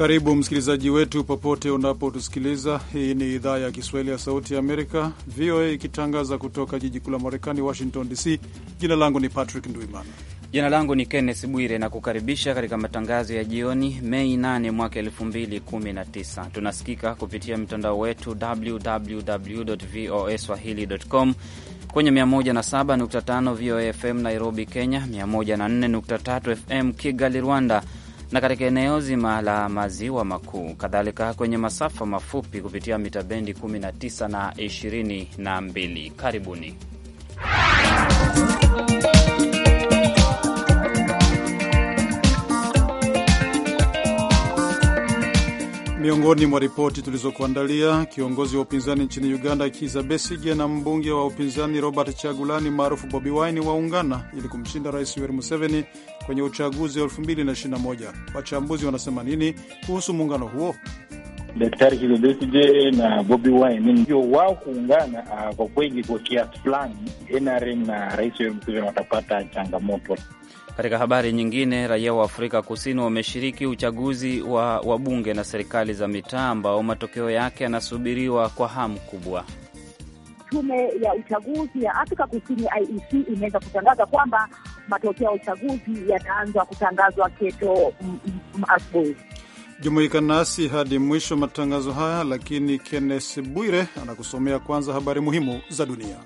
Karibu msikilizaji wetu popote unapotusikiliza. Hii ni idhaa ya Kiswahili ya Sauti ya Amerika, VOA, ikitangaza kutoka jiji kuu la Marekani, Washington DC. Jina langu ni Patrick Ndwimana. Jina langu ni Kenneth Bwire na kukaribisha katika matangazo ya jioni Mei 8 mwaka 2019. Tunasikika kupitia mtandao wetu www voa swahili.com kwenye 107.5 VOA FM Nairobi, Kenya, 104.3 FM Kigali, Rwanda, na katika eneo zima la maziwa makuu, kadhalika kwenye masafa mafupi kupitia mita bendi 19 na 22. Karibuni. Miongoni mwa ripoti tulizokuandalia, kiongozi wa upinzani nchini Uganda Kiza Besige na mbunge wa upinzani Robert Chagulani maarufu Bobi Wine waungana ili kumshinda Rais Yoweri Museveni kwenye uchaguzi wa 2021. Wachambuzi wanasema nini kuhusu muungano huo? Daktari Kiza na Bobi Wine ndio wao kuungana. Uh, kwa kweli kwa kiasi fulani NRM na Rais Yoweri Museveni watapata changamoto katika habari nyingine, raia wa Afrika Kusini wameshiriki uchaguzi wa wabunge na serikali za mitaa ambao matokeo yake yanasubiriwa kwa hamu kubwa. Tume ya uchaguzi ya Afrika Kusini IEC imeweza kutangaza kwamba matokeo ya uchaguzi yataanza kutangazwa kesho asubuhi. Jumuika nasi hadi mwisho matangazo haya, lakini Kennes Bwire anakusomea kwanza habari muhimu za dunia.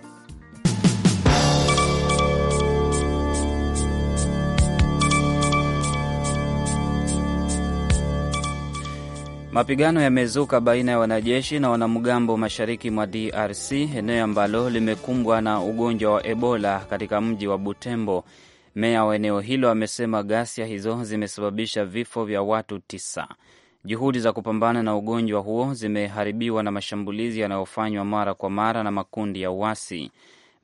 Mapigano yamezuka baina ya wanajeshi na wanamgambo mashariki mwa DRC, eneo ambalo limekumbwa na ugonjwa wa Ebola katika mji wa Butembo. Meya wa eneo hilo amesema ghasia hizo zimesababisha vifo vya watu tisa. Juhudi za kupambana na ugonjwa huo zimeharibiwa na mashambulizi yanayofanywa mara kwa mara na makundi ya uasi.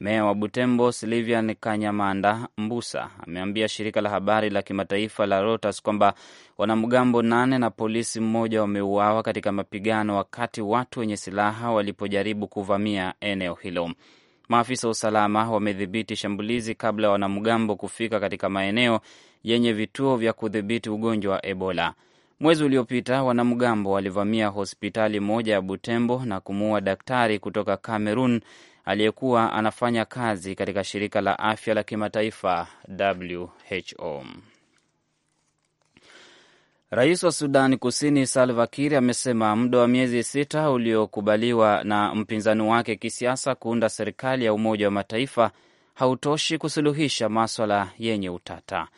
Meya wa Butembo Silivian Kanyamanda Mbusa ameambia shirika la habari la kimataifa la Reuters kwamba wanamgambo nane na polisi mmoja wameuawa katika mapigano wakati watu wenye silaha walipojaribu kuvamia eneo hilo. Maafisa wa usalama wamedhibiti shambulizi kabla ya wanamgambo kufika katika maeneo yenye vituo vya kudhibiti ugonjwa wa Ebola. Mwezi uliopita wanamgambo walivamia hospitali moja ya Butembo na kumuua daktari kutoka Kamerun aliyekuwa anafanya kazi katika shirika la afya la kimataifa WHO. Rais wa Sudani Kusini Salva Kiir amesema muda wa miezi sita uliokubaliwa na mpinzani wake kisiasa kuunda serikali ya Umoja wa Mataifa hautoshi kusuluhisha maswala yenye utata.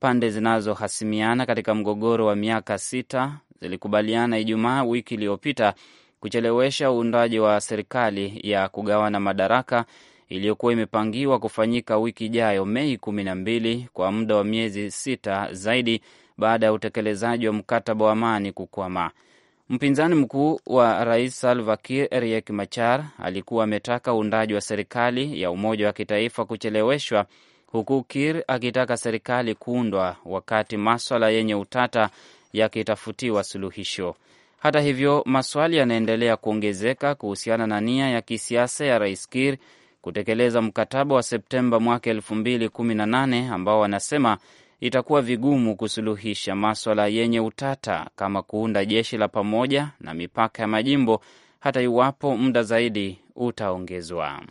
Pande zinazohasimiana katika mgogoro wa miaka sita zilikubaliana Ijumaa wiki iliyopita kuchelewesha uundaji wa serikali ya kugawana madaraka iliyokuwa imepangiwa kufanyika wiki ijayo Mei kumi na mbili kwa muda wa miezi sita zaidi baada ya utekelezaji wa mkataba wa amani kukwama. Mpinzani mkuu wa rais Salva Kiir Riek Machar alikuwa ametaka uundaji wa serikali ya umoja wa kitaifa kucheleweshwa, huku Kiir akitaka serikali kuundwa wakati maswala yenye utata yakitafutiwa suluhisho. Hata hivyo, maswali yanaendelea kuongezeka kuhusiana na nia ya kisiasa ya Rais Kiir kutekeleza mkataba wa Septemba mwaka 218 ambao wanasema itakuwa vigumu kusuluhisha maswala yenye utata kama kuunda jeshi la pamoja na mipaka ya majimbo hata iwapo muda zaidi utaongezwa.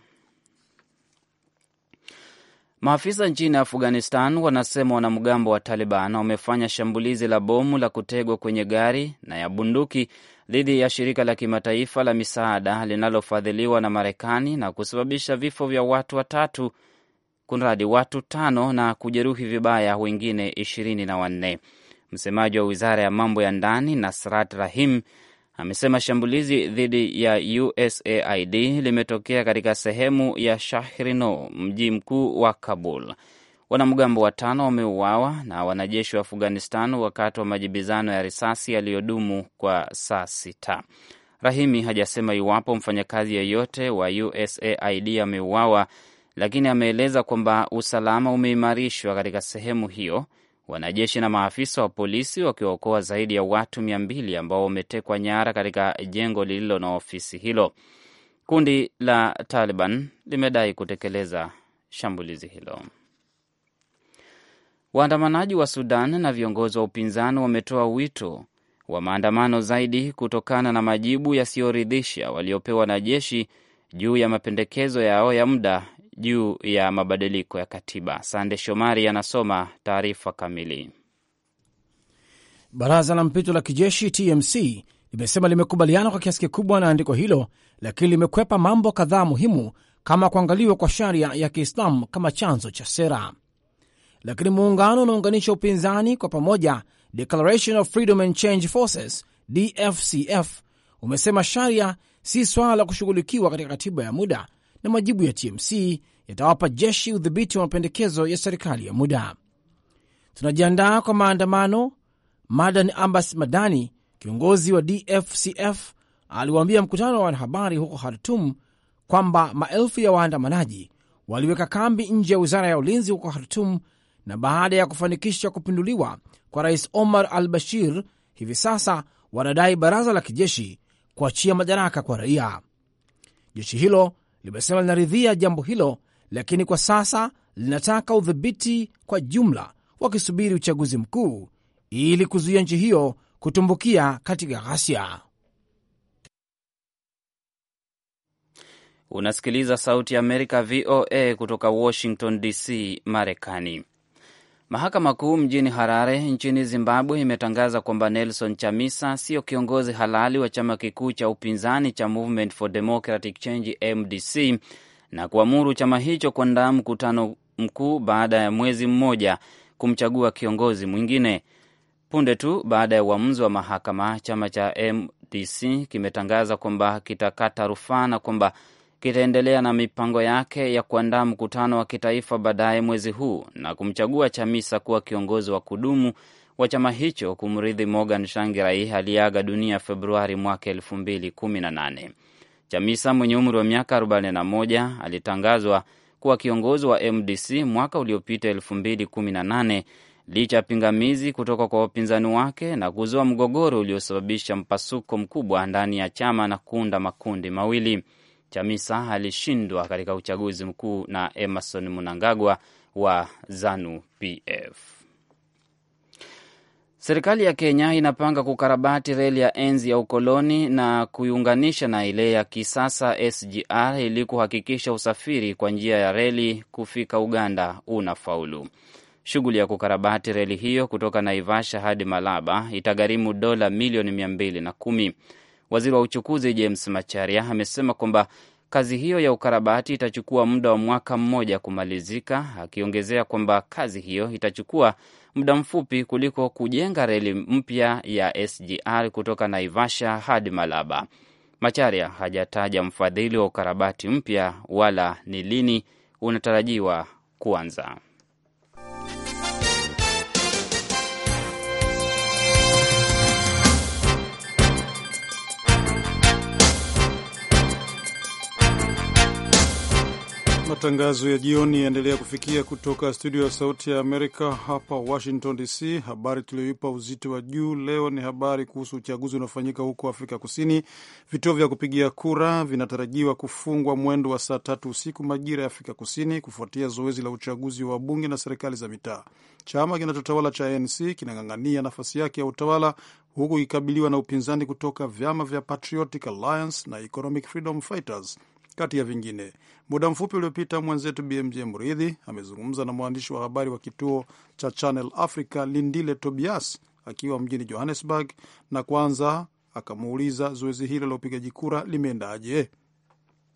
Maafisa nchini Afghanistan wanasema wanamgambo wa Taliban wamefanya shambulizi la bomu la kutegwa kwenye gari na ya bunduki dhidi ya shirika la kimataifa la misaada linalofadhiliwa na Marekani na kusababisha vifo vya watu watatu, kunradi watu tano na kujeruhi vibaya wengine ishirini na wanne. Msemaji wa wizara ya mambo ya ndani Nasrat Rahim amesema shambulizi dhidi ya USAID limetokea katika sehemu ya Shahrino, mji mkuu wa Kabul. Wanamgambo watano wameuawa na wanajeshi wa Afghanistan wakati wa majibizano ya risasi yaliyodumu kwa saa sita. Rahimi hajasema iwapo mfanyakazi yeyote wa USAID ameuawa, lakini ameeleza kwamba usalama umeimarishwa katika sehemu hiyo Wanajeshi na maafisa wa polisi wakiwaokoa zaidi ya watu mia mbili ambao wametekwa nyara katika jengo lililo na ofisi hilo. Kundi la Taliban limedai kutekeleza shambulizi hilo. Waandamanaji wa Sudan na viongozi wa upinzani wametoa wito wa maandamano zaidi kutokana na majibu yasiyoridhisha waliopewa na jeshi juu ya mapendekezo yao ya muda juu ya mabadiliko ya katiba. Sande Shomari anasoma taarifa kamili. Baraza la mpito la kijeshi TMC limesema limekubaliana kwa kiasi kikubwa na andiko hilo, lakini limekwepa mambo kadhaa muhimu kama kuangaliwa kwa sharia ya Kiislamu kama chanzo cha sera. Lakini muungano unaunganisha upinzani kwa pamoja, Declaration of Freedom and Change Forces DFCF, umesema sharia si swala la kushughulikiwa katika katiba ya muda na majibu ya TMC yatawapa jeshi udhibiti wa mapendekezo ya serikali ya muda. Tunajiandaa kwa maandamano, Madan Abbas Madani, kiongozi wa DFCF, aliwaambia mkutano wa wanahabari huko Khartum kwamba maelfu ya waandamanaji waliweka kambi nje ya wizara ya ulinzi huko Khartum, na baada ya kufanikisha kupinduliwa kwa Rais Omar al Bashir, hivi sasa wanadai baraza la kijeshi kuachia madaraka kwa raia. Jeshi hilo limesema linaridhia jambo hilo, lakini kwa sasa linataka udhibiti kwa jumla, wakisubiri uchaguzi mkuu ili kuzuia nchi hiyo kutumbukia katika ghasia. Unasikiliza Sauti ya Amerika, VOA, kutoka Washington DC, Marekani. Mahakama Kuu mjini Harare nchini Zimbabwe imetangaza kwamba Nelson Chamisa sio kiongozi halali wa chama kikuu cha upinzani cha Movement for Democratic Change MDC na kuamuru chama hicho kuandaa mkutano mkuu baada ya mwezi mmoja kumchagua kiongozi mwingine. Punde tu baada ya uamuzi wa mahakama, chama cha MDC kimetangaza kwamba kitakata rufaa na kwamba kitaendelea na mipango yake ya kuandaa mkutano wa kitaifa baadaye mwezi huu na kumchagua Chamisa kuwa kiongozi wa kudumu wa chama hicho kumrithi Morgan Shangirai aliyeaga dunia Februari mwaka elfu mbili kumi na nane. Chamisa mwenye umri wa miaka 41 alitangazwa kuwa kiongozi wa MDC mwaka uliopita elfu mbili kumi na nane licha ya pingamizi kutoka kwa wapinzani wake na kuzua mgogoro uliosababisha mpasuko mkubwa ndani ya chama na kuunda makundi mawili. Chamisa alishindwa katika uchaguzi mkuu na Emerson Mnangagwa wa ZANU PF. Serikali ya Kenya inapanga kukarabati reli ya enzi ya ukoloni na kuiunganisha na ile ya kisasa SGR ili kuhakikisha usafiri kwa njia ya reli kufika Uganda unafaulu. Shughuli ya kukarabati reli hiyo kutoka Naivasha hadi Malaba itagharimu dola milioni mia mbili na kumi. Waziri wa uchukuzi James Macharia amesema kwamba kazi hiyo ya ukarabati itachukua muda wa mwaka mmoja kumalizika, akiongezea kwamba kazi hiyo itachukua muda mfupi kuliko kujenga reli mpya ya SGR kutoka Naivasha hadi Malaba. Macharia hajataja mfadhili wa ukarabati mpya wala ni lini unatarajiwa kuanza. Matangazo ya jioni yaendelea kufikia kutoka studio ya Sauti ya Amerika hapa Washington DC. Habari tuliyoipa uzito wa juu leo ni habari kuhusu uchaguzi unaofanyika huko Afrika Kusini. Vituo vya kupigia kura vinatarajiwa kufungwa mwendo wa saa tatu usiku majira ya Afrika Kusini kufuatia zoezi la uchaguzi wa bunge na serikali za mitaa. Chama kinachotawala cha ANC kinang'ang'ania nafasi yake ya utawala huku ikikabiliwa na upinzani kutoka vyama vya Patriotic Alliance na Economic Freedom Fighters kati ya vingine. Muda mfupi uliopita, mwenzetu BMJ Mridhi amezungumza na mwandishi wa habari wa kituo cha Channel Africa Lindile Tobias akiwa mjini Johannesburg, na kwanza akamuuliza zoezi hilo la upigaji kura limeendaje.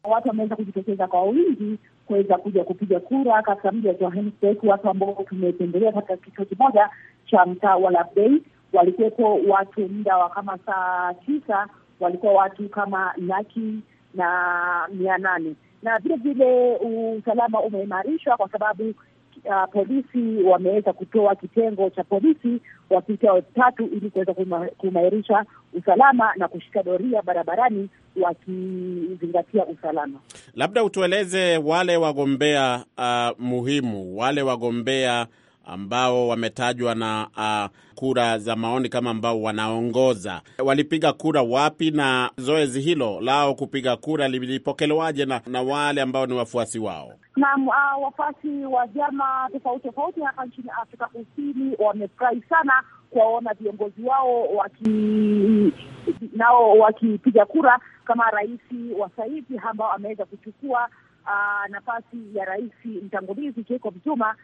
Watu wameweza kujitokeza kwa wingi kuweza kuja kupiga kura katika mji wa Johannesburg. Watu ambao tumetembelea katika kituo kimoja cha mtaa wa Labdei walikuwepo watu muda wa kama saa tisa, walikuwa watu kama laki na mia nane na vile vile usalama umeimarishwa kwa sababu uh, polisi wameweza kutoa kitengo cha polisi wapita watatu ili kuweza kuimarisha usalama na kushika doria barabarani wakizingatia usalama. Labda utueleze wale wagombea uh, muhimu wale wagombea ambao wametajwa na uh, kura za maoni kama ambao wanaongoza walipiga kura wapi, na zoezi hilo lao kupiga kura lilipokelewaje na, na wale ambao ni wafuasi wao? Naam, uh, wafuasi wa vyama tofauti tofauti hapa nchini Afrika Kusini wamefurahi sana kuwaona viongozi wao waki nao wakipiga kura kama rais wa sahizi ambao ameweza kuchukua uh, nafasi ya rais mtangulizi Jacob Zuma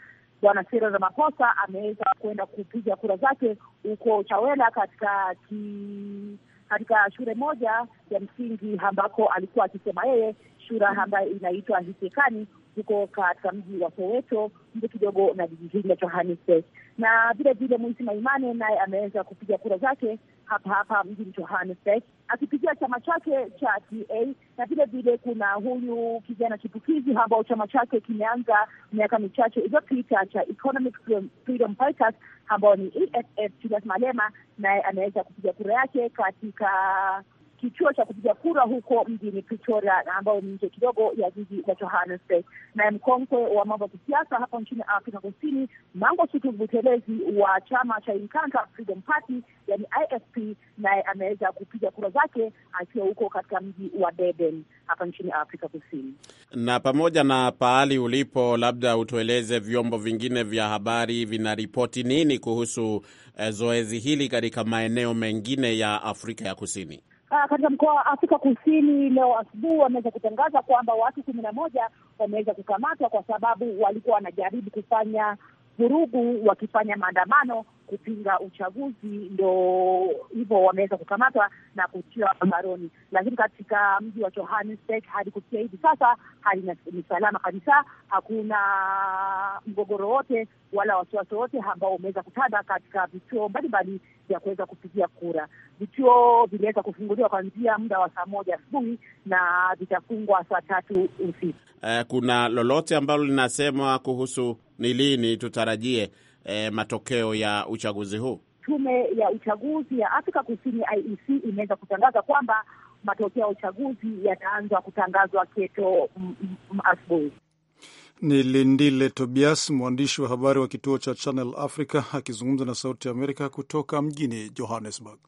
Bwana Cyril Ramaphosa ameweza kwenda kupiga kura zake huko Chawela katika ki, katika shule moja ya msingi ambako alikuwa akisema yeye, shule ambayo inaitwa Hisekani huko katika mji wa Soweto, mji kidogo na jiji hili la Johannesburg. Na vile vile Mwisi Maimane naye ameweza kupiga kura zake hapa hapa mjini Johannesburg akipitia chama chake cha TA na vile vile kuna huyu kijana chipukizi ambao chama chake kimeanza miaka michache iliyopita cha Economic Freedom Fighters ambao ni EFF. Julius Malema naye anaweza kupiga kura yake katika kituo cha kupiga kura huko mjini Pretoria, ambayo ni nje kidogo ya jiji la Johannesburg. Naye mkongwe wa mambo ya kisiasa hapa nchini Afrika Kusini, Sutu Buthelezi wa chama cha Inkatha Freedom Party, yani IFP, naye ameweza kupiga kura zake akiwa huko katika mji wa Durban hapa nchini Afrika Kusini. Na pamoja na pahali ulipo, labda utueleze vyombo vingine vya habari vinaripoti nini kuhusu eh, zoezi hili katika maeneo mengine ya Afrika ya Kusini? Uh, katika mkoa wa Afrika Kusini leo asubuhi wameweza kutangaza kwamba watu kumi na moja wameweza kukamatwa kwa sababu walikuwa wanajaribu kufanya vurugu, wakifanya maandamano kupinga uchaguzi. Ndo hivyo wameweza kukamatwa na kutiwa mbaroni lakini katika mji wa Johannesburg hadi kufikia hivi sasa hali ni salama kabisa. Hakuna mgogoro wote wala wasiwasi wote ambao umeweza kutanda katika vituo mbalimbali ya kuweza kupigia kura. Vituo vimeweza kufunguliwa kuanzia muda wa saa moja asubuhi na vitafungwa saa tatu usiku. Eh, kuna lolote ambalo linasema kuhusu ni lini tutarajie eh, matokeo ya uchaguzi huu? Tume ya uchaguzi ya Afrika Kusini IEC imeweza kutangaza kwamba matokeo ya uchaguzi yataanza kutangazwa kesho mm, mm, asubuhi. Ni Lindile Tobias, mwandishi wa habari wa kituo cha Channel Africa akizungumza na Sauti ya Amerika kutoka mjini Johannesburg.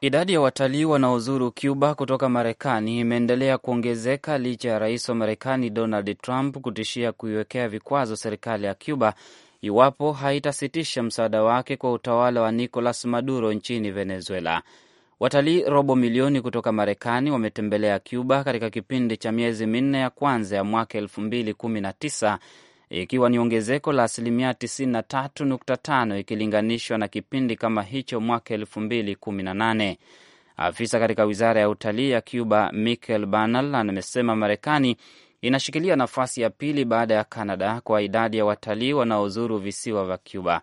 Idadi ya watalii wanaozuru Cuba kutoka Marekani imeendelea kuongezeka licha ya rais wa Marekani Donald Trump kutishia kuiwekea vikwazo serikali ya Cuba iwapo haitasitisha msaada wake kwa utawala wa Nicolas Maduro nchini Venezuela. Watalii robo milioni kutoka Marekani wametembelea Cuba katika kipindi cha miezi minne ya kwanza ya mwaka elfu mbili kumi na tisa ikiwa ni ongezeko la asilimia 93.5 ikilinganishwa na kipindi kama hicho mwaka 2018. Afisa katika wizara ya utalii ya Cuba, Michel Banal, amesema Marekani inashikilia nafasi ya pili baada ya Canada kwa idadi ya watalii wanaozuru visiwa vya Cuba.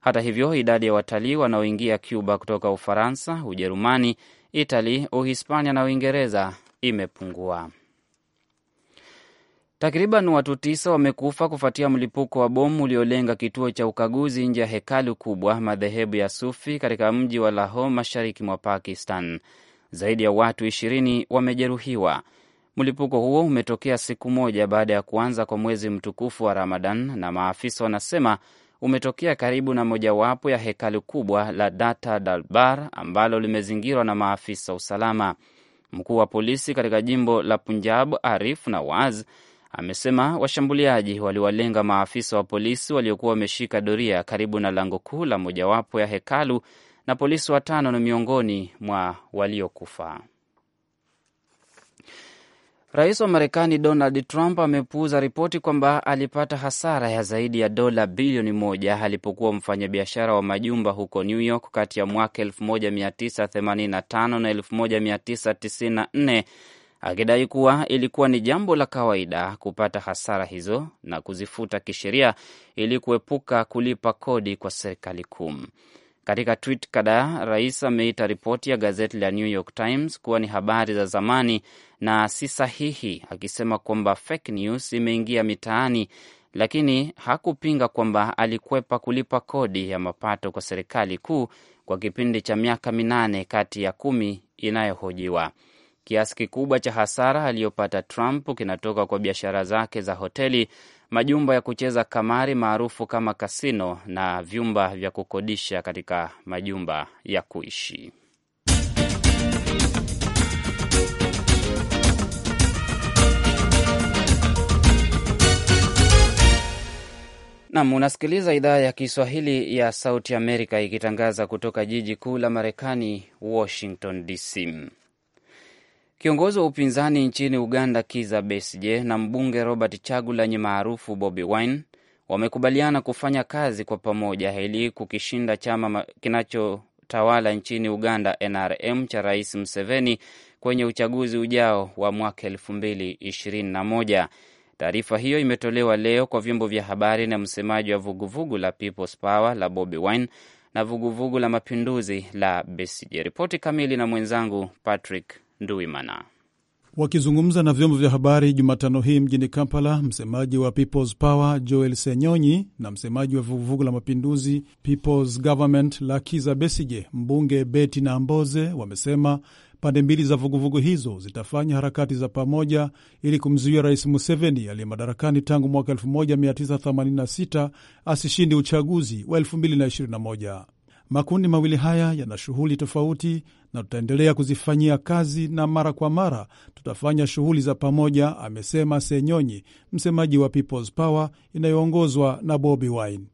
Hata hivyo, idadi ya watalii wanaoingia Cuba kutoka Ufaransa, Ujerumani, Itali, Uhispania na Uingereza imepungua. Takriban watu tisa wamekufa kufuatia mlipuko wa bomu uliolenga kituo cha ukaguzi nje ya hekalu kubwa madhehebu ya Sufi katika mji wa Lahore, mashariki mwa Pakistan. Zaidi ya watu ishirini wamejeruhiwa. Mlipuko huo umetokea siku moja baada ya kuanza kwa mwezi mtukufu wa Ramadan, na maafisa wanasema umetokea karibu na mojawapo ya hekalu kubwa la Data Dalbar ambalo limezingirwa na maafisa usalama. Mkuu wa polisi katika jimbo la Punjab, Arif Nawaz, amesema washambuliaji waliwalenga maafisa wa polisi waliokuwa wameshika doria karibu na lango kuu la mojawapo ya hekalu, na polisi watano ni miongoni mwa waliokufa. Rais wa Marekani Donald Trump amepuuza ripoti kwamba alipata hasara ya zaidi ya dola bilioni moja alipokuwa mfanyabiashara wa majumba huko New York kati ya mwaka 1985 na 1994 akidai kuwa ilikuwa ni jambo la kawaida kupata hasara hizo na kuzifuta kisheria ili kuepuka kulipa kodi kwa serikali kuu. Katika tweet kadhaa, rais ameita ripoti ya gazeti la New York Times kuwa ni habari za zamani na si sahihi, akisema kwamba fake news imeingia mitaani, lakini hakupinga kwamba alikwepa kulipa kodi ya mapato kwa serikali kuu kwa kipindi cha miaka minane kati ya kumi inayohojiwa. Kiasi kikubwa cha hasara aliyopata Trump kinatoka kwa biashara zake za hoteli, majumba ya kucheza kamari maarufu kama kasino na vyumba vya kukodisha katika majumba ya kuishi. Nam, unasikiliza idhaa ya Kiswahili ya Sauti Amerika ikitangaza kutoka jiji kuu la Marekani, Washington DC. Kiongozi wa upinzani nchini Uganda Kiza Besije na mbunge Robert Chagulanyi maarufu Bobi Wine wamekubaliana kufanya kazi kwa pamoja ili kukishinda chama kinachotawala nchini Uganda NRM cha Rais Museveni kwenye uchaguzi ujao wa mwaka elfu mbili ishirini na moja. Taarifa hiyo imetolewa leo kwa vyombo vya habari na msemaji wa vuguvugu la People's Power la Bobi Wine na vuguvugu la mapinduzi la Besigye. Ripoti kamili na mwenzangu Patrick Nduimana. Wakizungumza na vyombo vya habari Jumatano hii mjini Kampala, msemaji wa People's Power Joel Senyonyi na msemaji wa vuguvugu la mapinduzi People's Government la kiza Besige, mbunge beti Namboze, wamesema Pande mbili za vuguvugu hizo zitafanya harakati za pamoja ili kumzuia Rais Museveni aliye madarakani tangu mwaka 1986 asishindi uchaguzi wa 2021. Makundi mawili haya yana shughuli tofauti na tutaendelea kuzifanyia kazi na mara kwa mara tutafanya shughuli za pamoja, amesema Senyonyi, msemaji wa People's Power inayoongozwa na Bobi Wine.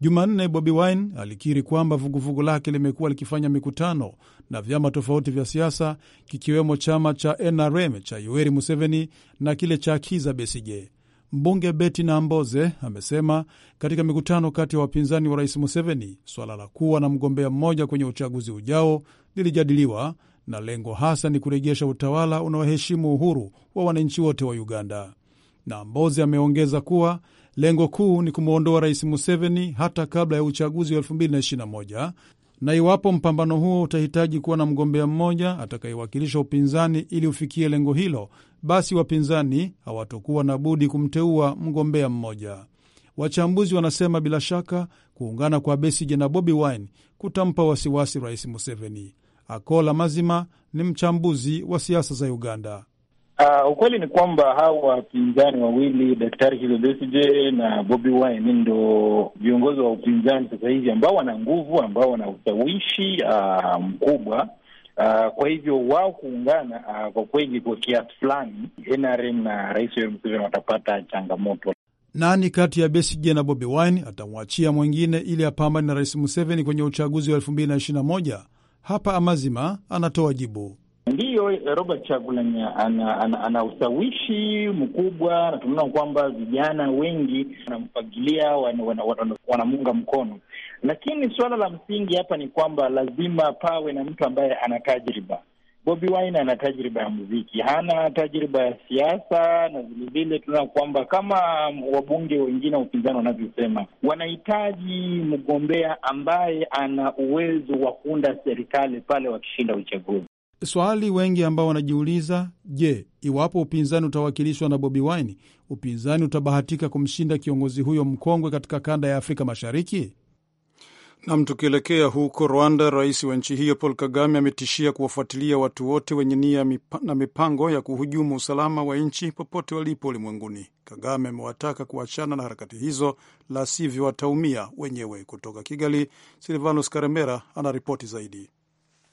Jumanne, Bobi Wine alikiri kwamba vuguvugu lake limekuwa likifanya mikutano na vyama tofauti vya siasa kikiwemo chama cha NRM cha Yoweri Museveni na kile cha kiza besije Mbunge Beti Namboze amesema katika mikutano kati ya wapinzani wa rais Museveni, swala la kuwa na mgombea mmoja kwenye uchaguzi ujao lilijadiliwa na lengo hasa ni kurejesha utawala unaoheshimu uhuru wa wananchi wote wa Uganda. Namboze ameongeza kuwa lengo kuu ni kumwondoa rais Museveni hata kabla ya uchaguzi wa 2021 na iwapo mpambano huo utahitaji kuwa na mgombea mmoja atakayewakilisha upinzani ili ufikie lengo hilo, basi wapinzani hawatokuwa na budi kumteua mgombea mmoja. Wachambuzi wanasema bila shaka kuungana kwa Besigye na Bobi Wine kutampa wasiwasi Rais Museveni. Akola Mazima ni mchambuzi wa siasa za Uganda. Uh, ukweli ni kwamba hawa wapinzani wawili Daktari Kizza Besigye na Bobi Wine ndo viongozi wa upinzani sasa hivi ambao wana nguvu, ambao wana ushawishi uh, mkubwa uh, kwa hivyo wao kuungana uh, kwa kweli kwa kiasi fulani NRM na Rais Yoweri Museveni watapata changamoto. Nani kati ya Besigye na Bobi Wine atamwachia mwingine ili apambane na Rais Museveni kwenye uchaguzi wa elfu mbili na ishirini na moja? Hapa Amazima anatoa jibu. Ndiyo, Robert Chagulanyi ana, ana, ana ushawishi mkubwa na tunaona kwamba vijana wengi wanamfagilia, wanamuunga wana, wana, wana mkono, lakini suala la msingi hapa ni kwamba lazima pawe na mtu ambaye ana tajriba. Bobi Wine ana tajriba ya muziki, hana tajriba ya siasa, na vilevile tunaona kwamba kama wabunge wengine wa upinzani wanavyosema, wanahitaji mgombea ambaye ana uwezo wa kuunda serikali pale wakishinda uchaguzi swali wengi ambao wanajiuliza, je, iwapo upinzani utawakilishwa na Bobi Wine, upinzani utabahatika kumshinda kiongozi huyo mkongwe katika kanda ya Afrika Mashariki? Nam, tukielekea huko Rwanda, rais wa nchi hiyo Paul Kagame ametishia kuwafuatilia watu wote wenye nia na mipango ya kuhujumu usalama wa nchi popote walipo ulimwenguni. Kagame amewataka kuachana na harakati hizo, la sivyo wataumia wenyewe. Kutoka Kigali, Silvanos Karemera anaripoti zaidi.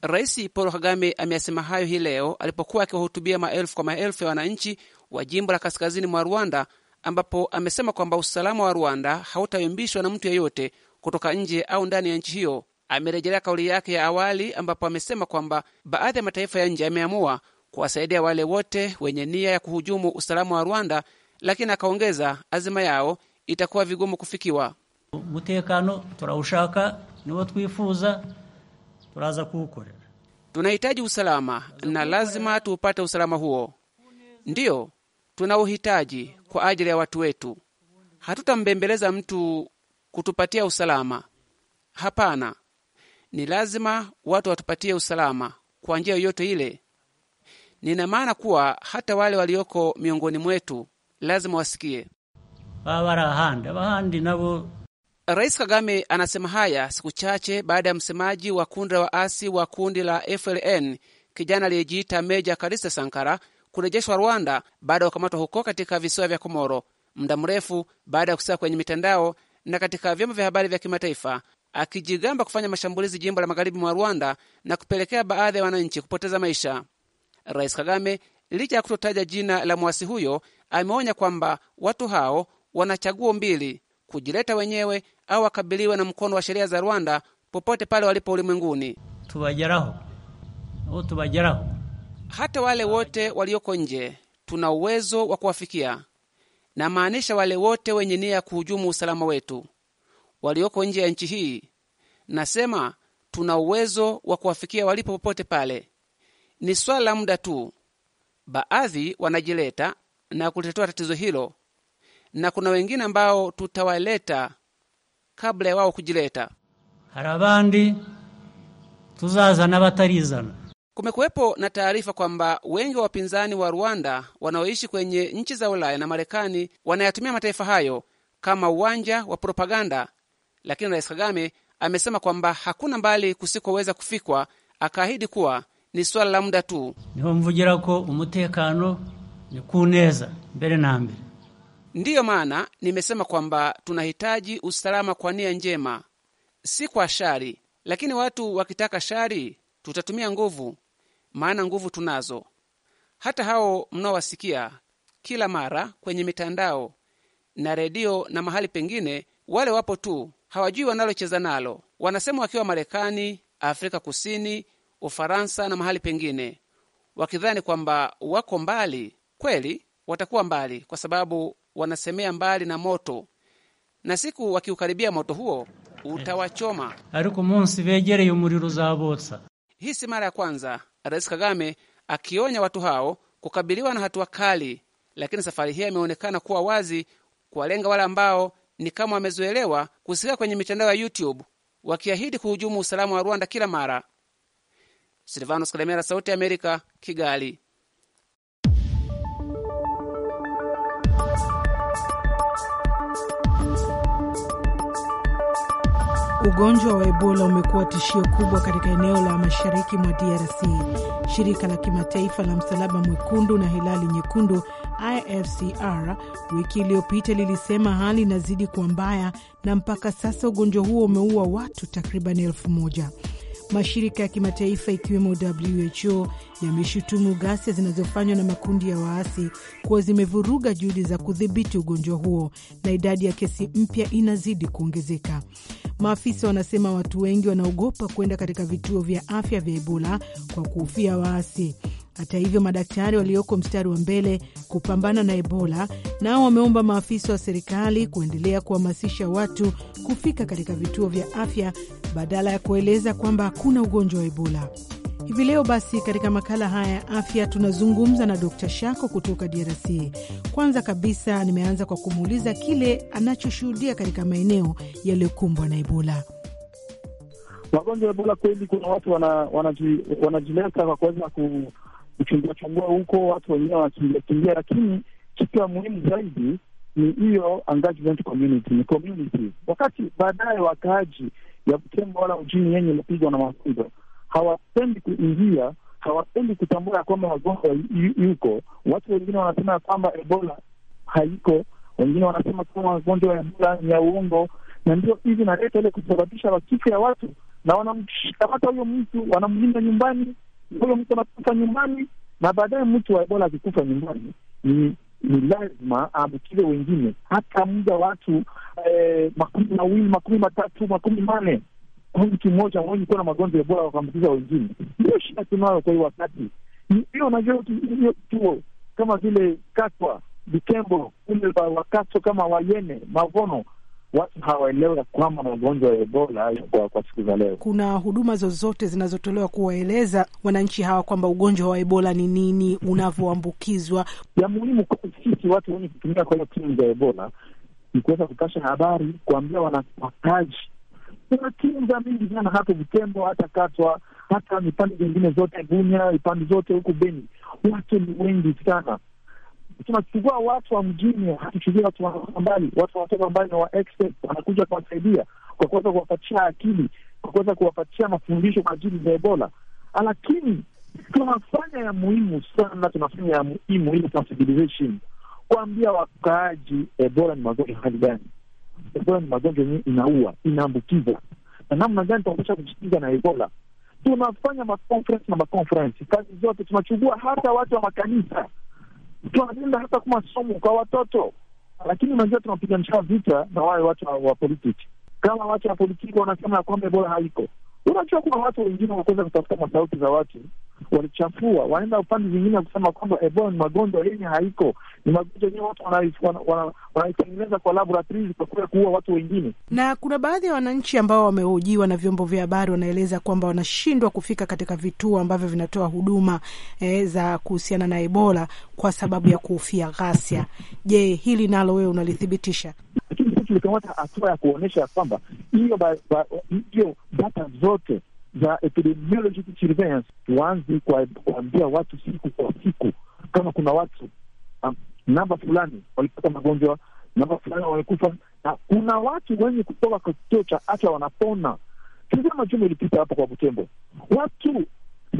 Rais Paul Kagame ameyasema hayo hii leo alipokuwa akiwahutubia maelfu kwa maelfu ya wananchi wa jimbo la kaskazini mwa Rwanda, ambapo amesema kwamba usalama wa Rwanda hautayumbishwa na mtu yeyote kutoka nje au ndani ya nchi hiyo. Amerejelea kauli yake ya awali ambapo amesema kwamba baadhi ya mataifa ya nje yameamua kuwasaidia wale wote wenye nia ya kuhujumu usalama wa Rwanda, lakini akaongeza azima yao itakuwa vigumu kufikiwa. Mutekano turaushaka niwo twifuza turaza kuwukorera. Tunahitaji usalama na lazima tuupate usalama huo, ndiyo tunauhitaji kwa ajili ya watu wetu. Hatutambembeleza mtu kutupatia usalama, hapana. Ni lazima watu watupatie usalama kwa njia yoyote ile. Nina maana kuwa hata wale walioko miongoni mwetu lazima wasikie. Rais Kagame anasema haya siku chache baada ya msemaji wa kundi la waasi wa kundi la FLN kijana aliyejiita Meja Karisa Sankara kurejeshwa Rwanda baada ya kukamatwa huko katika visiwa vya Komoro, muda mrefu baada ya kusika kwenye mitandao na katika vyombo vya habari vya kimataifa akijigamba kufanya mashambulizi jimbo la magharibi mwa Rwanda na kupelekea baadhi ya wananchi kupoteza maisha. Rais Kagame, licha ya kutotaja jina la mwasi huyo, ameonya kwamba watu hao wana chaguo mbili: kujileta wenyewe au wakabiliwe na mkono wa sheria za Rwanda popote pale walipo ulimwenguni. Tubajaraho o tubajaraho, hata wale wote walioko nje tuna uwezo wa kuwafikia, na maanisha wale wote wenye nia ya kuhujumu usalama wetu walioko nje ya nchi hii. Nasema tuna uwezo wa kuwafikia walipo popote pale, ni swala la muda tu. Baadhi wanajileta na kulitatua tatizo hilo na kuna wengine ambao tutawaleta kabla ya wao kujileta. harabandi tuzazana batarizana. Kumekuwepo na taarifa kwamba wengi wa wapinzani wa Rwanda wanaoishi kwenye nchi za Ulaya na Marekani wanayatumia mataifa hayo kama uwanja wa propaganda, lakini Rais Kagame amesema kwamba hakuna mbali kusikoweza kufikwa, akaahidi kuwa ni swala la muda tu. niho mvugira ko umutekano ni kuneza mbele na mbere Ndiyo maana nimesema kwamba tunahitaji usalama kwa nia njema, si kwa shari. Lakini watu wakitaka shari, tutatumia nguvu, maana nguvu tunazo. Hata hao mnaowasikia kila mara kwenye mitandao na redio na mahali pengine, wale wapo tu, hawajui wanalocheza nalo. Wanasema wakiwa Marekani, Afrika Kusini, Ufaransa na mahali pengine, wakidhani kwamba wako mbali. Kweli watakuwa mbali, kwa sababu wanasemea mbali na moto, na siku wakiukaribia moto huo utawachoma. Hii si mara ya kwanza Rais Kagame akionya watu hao kukabiliwa na hatua kali, lakini safari hii imeonekana kuwa wazi kuwalenga wale ambao ni kama wamezoelewa kusikia kwenye mitandao ya YouTube wakiahidi kuhujumu usalama wa Rwanda kila mara. Silvanos Kalemera, Sauti ya Amerika, Kigali. Ugonjwa wa Ebola umekuwa tishio kubwa katika eneo la mashariki mwa DRC. Shirika la kimataifa la Msalaba Mwekundu na Hilali Nyekundu, IFCR, wiki iliyopita lilisema hali inazidi kuwa mbaya, na mpaka sasa ugonjwa huo umeua watu takriban elfu moja. Mashirika ya kimataifa ikiwemo WHO yameshutumu ghasia zinazofanywa na makundi ya waasi kuwa zimevuruga juhudi za kudhibiti ugonjwa huo na idadi ya kesi mpya inazidi kuongezeka. Maafisa wanasema watu wengi wanaogopa kwenda katika vituo vya afya vya Ebola kwa kuhofia waasi. Hata hivyo, madaktari walioko mstari wa mbele kupambana na Ebola nao wameomba maafisa wa serikali kuendelea kuhamasisha watu kufika katika vituo vya afya badala ya kueleza kwamba hakuna ugonjwa wa Ebola. Hivi leo basi, katika makala haya ya afya tunazungumza na Dkt Shako kutoka DRC. Kwanza kabisa, nimeanza kwa kumuuliza kile anachoshuhudia katika maeneo yaliyokumbwa na Ebola. Wagonjwa wa Ebola kweli, kuna watu wanajileta wana, wana kwa kuweza kuchambua chambua huko, watu wenyewe wanakimbiakimbia, lakini kitu ya muhimu zaidi ni hiyo engagement community, ni community. Wakati baadaye wakaaji ya Butembo wala ujini yenye imepigwa na mafunzo hawapendi kuingia, hawapendi kutambua ya kwamba wagonjwa yuko. Watu wengine wanasema ya kwamba Ebola haiko, wengine wanasema kama wagonjwa ya Ebola ni ya uongo, na ndio hivi naleta ile kusababisha wakifu ya watu, na wanamkamata huyo mtu wanamlinda nyumbani huyo mtu anakufa nyumbani, na baadaye mtu wa Ebola akikufa nyumbani ni ni lazima aambukize wengine, hata muda watu eh, makumi mawili makumi matatu makumi manne mtu mmoja mwenye kuwa na magonjwa ya Ebola wakaambukiza wengine. ndio shida tunayo kwa hii wakati hiyo. Unajua hiyo kama vile Katwa vitembo kule Wakaso kama Wayene Mavono watu hawaelewi ya kwamba magonjwa ya Ebola kwa, kwa siku za leo. Kuna huduma zozote zinazotolewa kuwaeleza wananchi hawa kwamba ugonjwa wa Ebola ni nini, unavyoambukizwa? Ya muhimu kwetu sisi watu wenye kutumia kwa timu za Ebola ni kuweza kupasha habari, kuambia wanawakaji. Kuna timu za mingi sana hapo Vitembo, hata Katwa, hata mipande zingine zote, Bunya, ipande zote huku Beni, watu ni wengi sana tunachukua watu wa mjini, hatuchukui watu wanatoka mbali. Watu wanatoka mbali na wa wanakuja kuwasaidia kwa kuweza kuwapatia akili, kwa kuweza kuwapatia mafundisho kwa ajili za Ebola. Lakini tunafanya ya muhimu sana, tunafanya ya muhimu ili sensibilization, kuambia wakaaji Ebola ni magonjwa ya hali gani, Ebola ni magonjwa yenyewe inaua, inaambukiza na namna gani tunakuesha kujikinga na Ebola. Tunafanya makonferensi na makonferensi, kazi zote tunachukua, hata watu wa makanisa tunaenda hata kwa masomo kwa watoto, lakini unajua tunapiganisha vita na wale watu wa politiki. Kama watu wa politiki wanasema ya kwamba Ebola haiko, unajua kuna watu wengine wakuweza kutafuta masauti za watu walichafua, wanaenda upande zingine kusema kwamba Ebola eh, ni magonjwa yenye haiko, ni magonjwa yenyewe watu wanaitengeneza kwa laboratories kwa kule kuua watu wengine. Na kuna baadhi ya wananchi ambao wamehojiwa na vyombo vya habari wanaeleza kwamba wanashindwa kufika katika vituo ambavyo vinatoa huduma eh, za kuhusiana na Ebola kwa sababu ya kuhofia ghasia. Je, hili nalo wewe unalithibitisha? Lakini sisi tulikamata hatua ya kuonyesha ya kwamba hiyo data zote za epidemiologic surveillance, tuanze kuambia watu siku kwa siku, kama kuna watu um, namba fulani walipata magonjwa, namba fulani wamekufa, na kuna watu wenye kutoka kwa kituo cha afya wanapona. Tizama juma ilipita hapo kwa Butembo, watu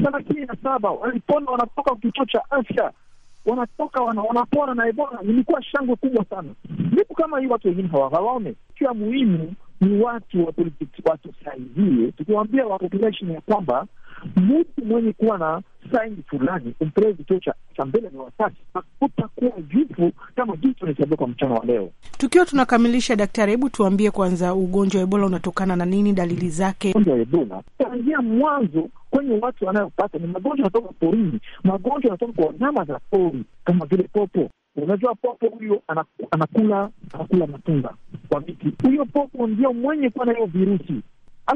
thelathini na saba walipona, wanatoka kituo cha afya wanatoka wana, wanapona na Ebola. Ilikuwa shangwe kubwa sana. Niku kama hii watu wengine hawaone, ikiwa muhimu ni watu wa politiki watusaidie, tukiwaambia wa population ya kwamba mtu mwenye kuwa na saini fulani umpelee kituo cha mbele na watatu, utakuwa jifu kama jinsi tunahesabia kwa mchana wa leo. Tukiwa tunakamilisha, daktari, hebu tuambie kwanza, ugonjwa wa Ebola unatokana na nini? Dalili zake? Ugonjwa wa Ebola tangia mwanzo kwenye watu wanayopata ni magonjwa yanatoka porini, magonjwa yanatoka kwa wanyama za pori kama vile popo Unajua, popo huyo anakula anakula matunda kwa miti. Huyo popo ndio mwenye kuwa na hiyo virusi,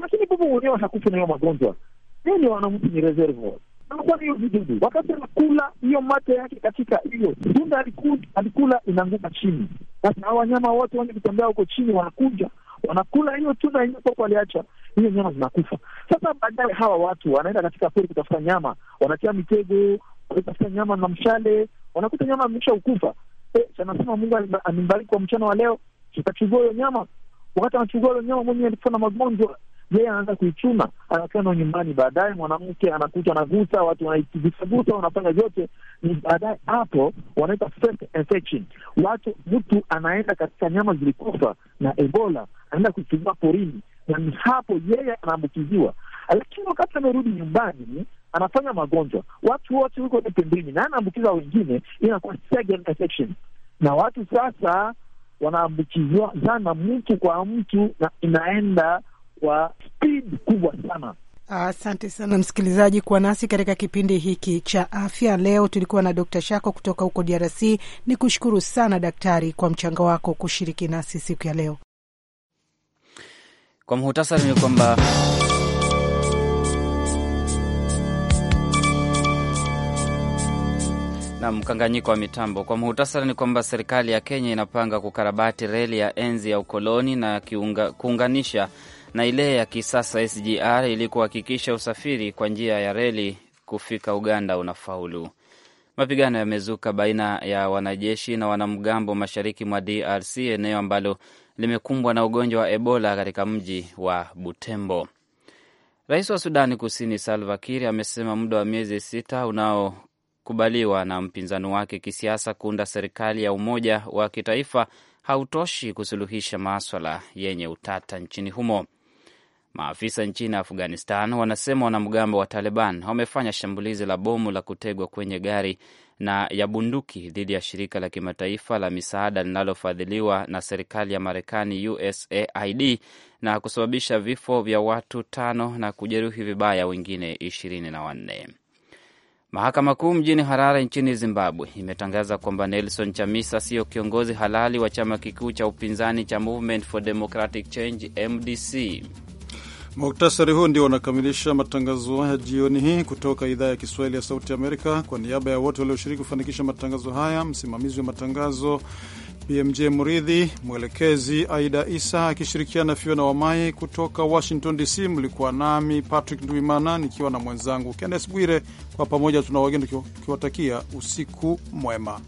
lakini popo mwenyewe hakufa na hiyo magonjwa, yeye ni wanamti, ni reservoir anakuwa na hiyo vidudu. Wakati anakula hiyo mate yake katika hiyo tunda alikula, alikula inaanguka chini. Sasa wanyama wote wenye kutembea huko chini wanakuja wanakula hiyo tunda yenye popo aliacha, hiyo nyama zinakufa. Sasa baadaye hawa watu wanaenda katika pori kutafuta nyama, wanatia mitego, wanatafuta nyama na mshale, wanakuta nyama amesha ukufa. Eh, anasema Mungu amembariki kwa mchana wa leo, tutachukua hiyo nyama. Wakati anachukua hiyo nyama, mwenye alikuwa na magonjwa, yeye anaanza kuichuna, anakaa nao nyumbani. Baadaye mwanamke anakuta, anagusa watu, wanaigusagusa, wanafanya vyote, ni baadaye hapo wanaita first infection. Watu, mtu anaenda katika nyama zilikufa na Ebola, anaenda kuichukua porini, na ni hapo yeye anaambukiziwa. Lakini wakati amerudi nyumbani anafanya magonjwa, watu wote huko ni pembeni, na anaambukiza wengine, inakuwa second infection, na watu sasa wanaambukizana mtu kwa mtu, na inaenda kwa speed kubwa sana. Asante sana msikilizaji kuwa nasi katika kipindi hiki cha afya leo. Tulikuwa na Dkt Shako kutoka huko DRC. Ni kushukuru sana daktari kwa mchango wako kushiriki nasi siku ya leo. Kwa muhtasari ni kwamba na mkanganyiko wa mitambo. Kwa muhutasari, ni kwamba serikali ya Kenya inapanga kukarabati reli ya enzi ya ukoloni na kiunga, kuunganisha na ile ya kisasa SGR ili kuhakikisha usafiri kwa njia ya reli kufika Uganda unafaulu. Mapigano yamezuka baina ya wanajeshi na wanamgambo mashariki mwa DRC, eneo ambalo limekumbwa na ugonjwa wa Ebola katika mji wa Butembo. Rais wa Sudani Kusini Salva Kiir amesema muda wa miezi sita unao kubaliwa na mpinzani wake kisiasa kuunda serikali ya umoja wa kitaifa hautoshi kusuluhisha maswala yenye utata nchini humo. Maafisa nchini Afghanistan wanasema wanamgambo wa Taliban wamefanya shambulizi la bomu la kutegwa kwenye gari na ya bunduki dhidi ya shirika la kimataifa la misaada linalofadhiliwa na serikali ya Marekani, USAID, na kusababisha vifo vya watu tano na kujeruhi vibaya wengine ishirini na wanne. Mahakama Kuu mjini Harare nchini Zimbabwe imetangaza kwamba Nelson Chamisa siyo kiongozi halali wa chama kikuu cha upinzani cha Movement for Democratic Change, MDC. Muktasari huu ndio unakamilisha matangazo haya jioni hii kutoka idhaa ya Kiswahili ya Sauti Amerika. Kwa niaba ya wote walioshiriki kufanikisha matangazo haya, msimamizi wa matangazo BMJ Mridhi, mwelekezi Aida Isa akishirikiana Fiona Wamai kutoka Washington DC. Mlikuwa nami Patrick Nduimana nikiwa na mwenzangu Kennes Bwire, kwa pamoja tuna wageni tukiwatakia usiku mwema.